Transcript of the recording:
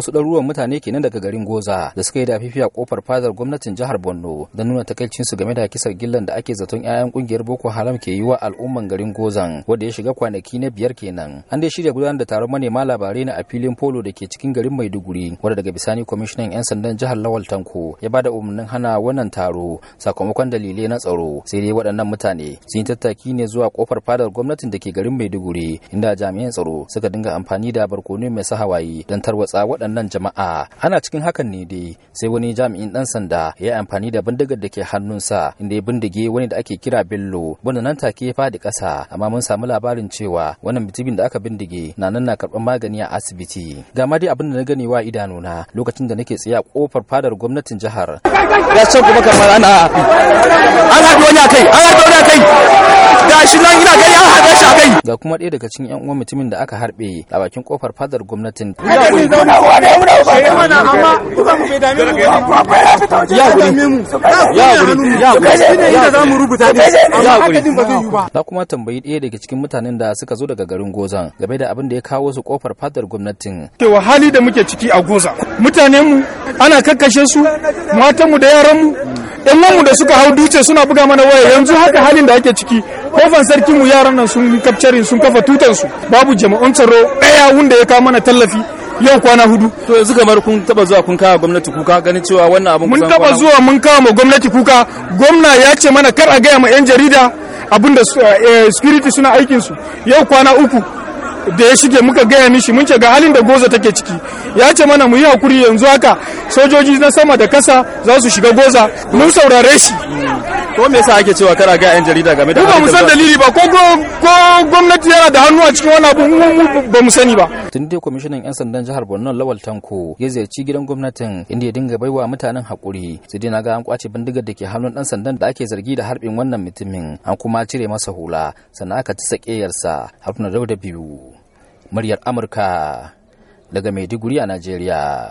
wasu ɗaruruwan mutane kenan daga garin goza da suka yi da fifiya kofar fadar gwamnatin jihar borno don nuna takaicinsu game da kisar gillan da ake zaton 'ya'yan ƙungiyar boko haram ke yi wa al'umman garin gozan wanda ya shiga kwanaki na biyar kenan an dai shirya gudanar da taron manema labarai na a filin polo da ke cikin garin maiduguri wanda daga bisani kwamishinan 'yan sandan jihar lawal tanko ya ba da umarnin hana wannan taro sakamakon dalilai na tsaro sai dai waɗannan mutane sun yi tattaki ne zuwa kofar fadar gwamnatin da ke garin maiduguri inda jami'an tsaro suka dinga amfani da barkono mai sa hawaye don tarwatsa waɗannan waɗannan jama'a ana cikin hakan ne dai sai wani jami'in ɗan sanda ya yi amfani da bindigar da ke hannunsa inda ya bindige wani da ake kira bello wanda nan take ya faɗi ƙasa amma mun samu labarin cewa wannan mutumin da aka bindige na nan na karɓar magani a asibiti ga ma dai abin da na gani wa idanuna lokacin da nake tsaye a kofar fadar gwamnatin jihar ya ce kuma kamar ana an haɗu wani a kai an haɗu ga kuma ɗaya daga cikin yan uwan mutumin da aka harbe a bakin kofar fadar gwamnatin na kuma tambayi ɗaya daga cikin mutanen da suka zo daga garin gozan game da abin da ya kawo su kofar fadar gwamnatin cewa hali da muke ciki a goza mutanenmu ana kakkashe su matanmu da yaranmu mu da suka hau duce suna buga mana waya yanzu haka halin da ake ciki kofan sarkin mu yaran nan sun kafcarin sun kafa tutan su babu jama'un tsaro daya wanda ya kawo mana tallafi yau kwana hudu to yanzu kamar kun taba zuwa kun kawo gwamnati kuka ganin cewa wannan abin mun taba zuwa mun kawo ma gwamnati kuka gwamna ya ce mana kar a gaya ma yan jarida abun da eh, eh, security suna aikin su yau kwana uku da ya shige muka gaya mishi mun ce ga halin da goza take ciki ya ce mana mu yi hakuri yanzu haka sojoji na sama da kasa za su shiga goza mun saurare shi ko me yasa ake cewa kana ga yan jarida game da ba mu san dalili ba ko gwamnati yana da hannu a cikin wannan abu ba mu sani ba tun dai kwamishinan yan sandan jihar Borno Lawal Tanko ya ziyarci gidan gwamnatin inda ya dinga baiwa mutanen hakuri sai dai na ga an kwace bindigar da ke hannun dan sandan da ake zargi da harbin wannan mutumin an kuma cire masa hula sannan aka ci sakeyarsa Haruna Dauda biyu muryar Amurka daga Maiduguri a Najeriya